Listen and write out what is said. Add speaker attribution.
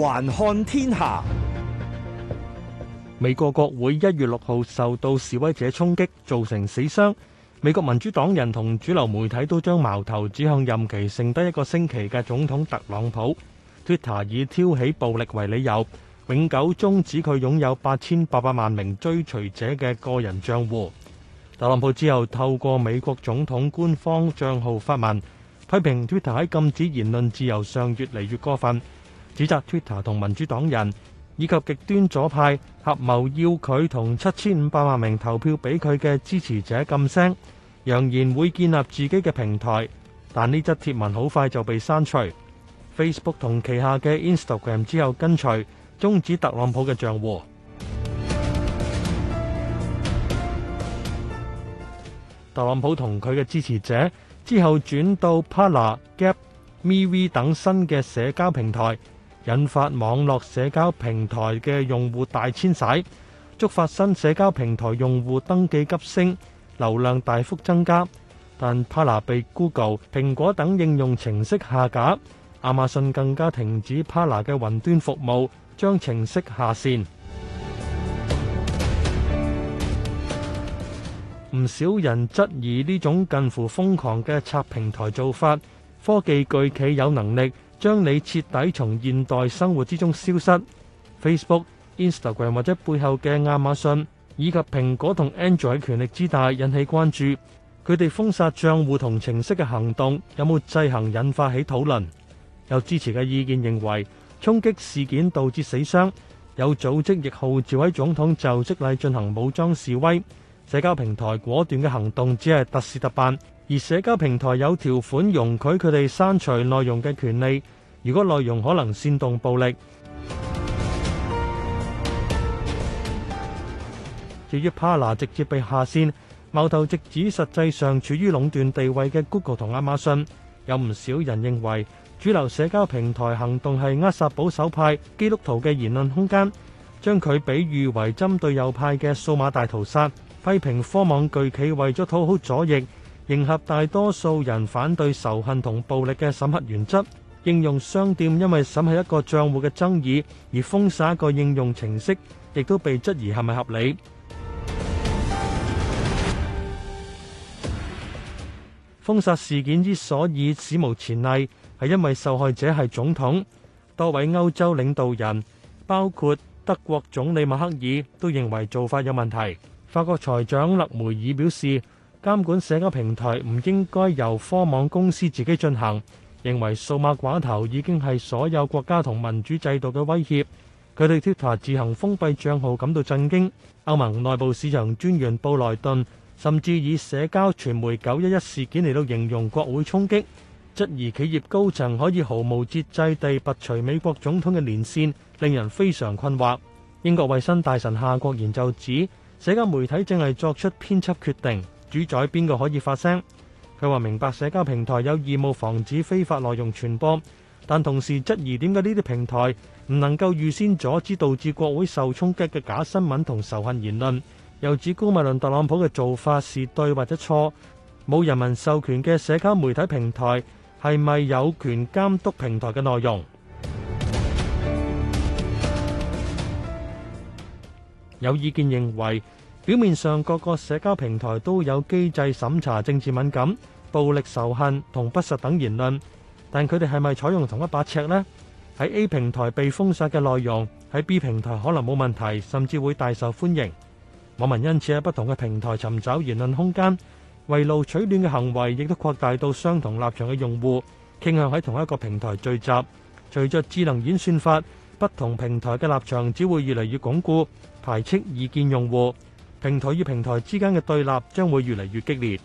Speaker 1: 環看天下，美國國會一月六號受到示威者衝擊，造成死傷。美國民主黨人同主流媒體都將矛頭指向任期剩低一個星期嘅總統特朗普。Twitter 以挑起暴力為理由，永久終止佢擁有八千八百萬名追隨者嘅個人賬戶。特朗普之後透過美國總統官方賬號發文，批評 Twitter 喺禁止言論自由上越嚟越過分。指責 Twitter 同民主黨人以及極端左派合謀要佢同七千五百萬名投票俾佢嘅支持者噤聲，揚言會建立自己嘅平台。但呢則貼文好快就被刪除。Facebook 同旗下嘅 Instagram 之後跟隨終止特朗普嘅賬戶。特朗普同佢嘅支持者之後轉到 Parler、Gap、MeWe 等新嘅社交平台。引發網絡社交平台嘅用戶大遷徙，觸發新社交平台用戶登記急升，流量大幅增加。但 Parler 被 Google、蘋果等應用程式下架，亞馬遜更加停止 Parler 嘅雲端服務，將程式下線。唔少人質疑呢種近乎瘋狂嘅拆平台做法，科技巨企有能力將你徹底從現代生活之中消失。Facebook、Instagram 或者背後嘅亞馬遜以及蘋果同 Android，權力之大引起關注。佢哋封殺賬戶同程式嘅行動有冇制衡，引發起討論。有支持嘅意見認為衝擊事件導致死傷，有組織亦號召喺總統就職禮進行武裝示威。社交平台果斷嘅行動只係特事特辦。而社交平台有條款容許佢哋刪除內容嘅權利，如果內容可能煽動暴力。至於 Parler 直接被下線，矛頭直指實際上處於壟斷地位嘅 Google 同亞馬遜。有唔少人認為主流社交平台行動係扼殺保守派基督徒嘅言論空間，將佢比喻為針對右派嘅數碼大屠殺，批評科網巨企為咗討好左翼。迎合大多數人反對仇恨同暴力嘅審核原則，應用商店因為審核一個賬戶嘅爭議而封殺一個應用程式，亦都被質疑係咪合理？封殺事件之所以史無前例，係因為受害者係總統。多位歐洲領導人，包括德國總理默克爾，都認為做法有問題。法國財長勒梅爾表示監管社交平台唔應該由科網公司自己進行，認為數碼寡頭已經係所有國家同民主制度嘅威脅。佢對 Twitter 主宰邊個可以發聲？佢話明白社交平台有義務防止非法內容傳播，但同時質疑點解呢啲平台唔能夠預先阻止導致國會受衝擊嘅假新聞同仇恨言論。又指姑勿論特朗普嘅做法是對或者錯，冇人民授權嘅社交媒體平台係咪有權監督平台嘅內容？有意見認為，表面上，各個社交平台都有機制審查政治敏感、暴力、仇恨同不實等言論，但佢哋係咪採用同一把尺咧？喺 A 平台被封殺嘅內容，喺 B 平台可能冇問題，甚至會大受歡迎。網民因此喺不同嘅平台尋找言論空間，圍爐取暖嘅行為亦都擴大到相同立場嘅用戶傾向喺同一個平台聚集。隨着智能演算法，不同平台嘅立場只會越嚟越鞏固，排斥異見用戶。平台與平台之間嘅對立將會越嚟越激烈。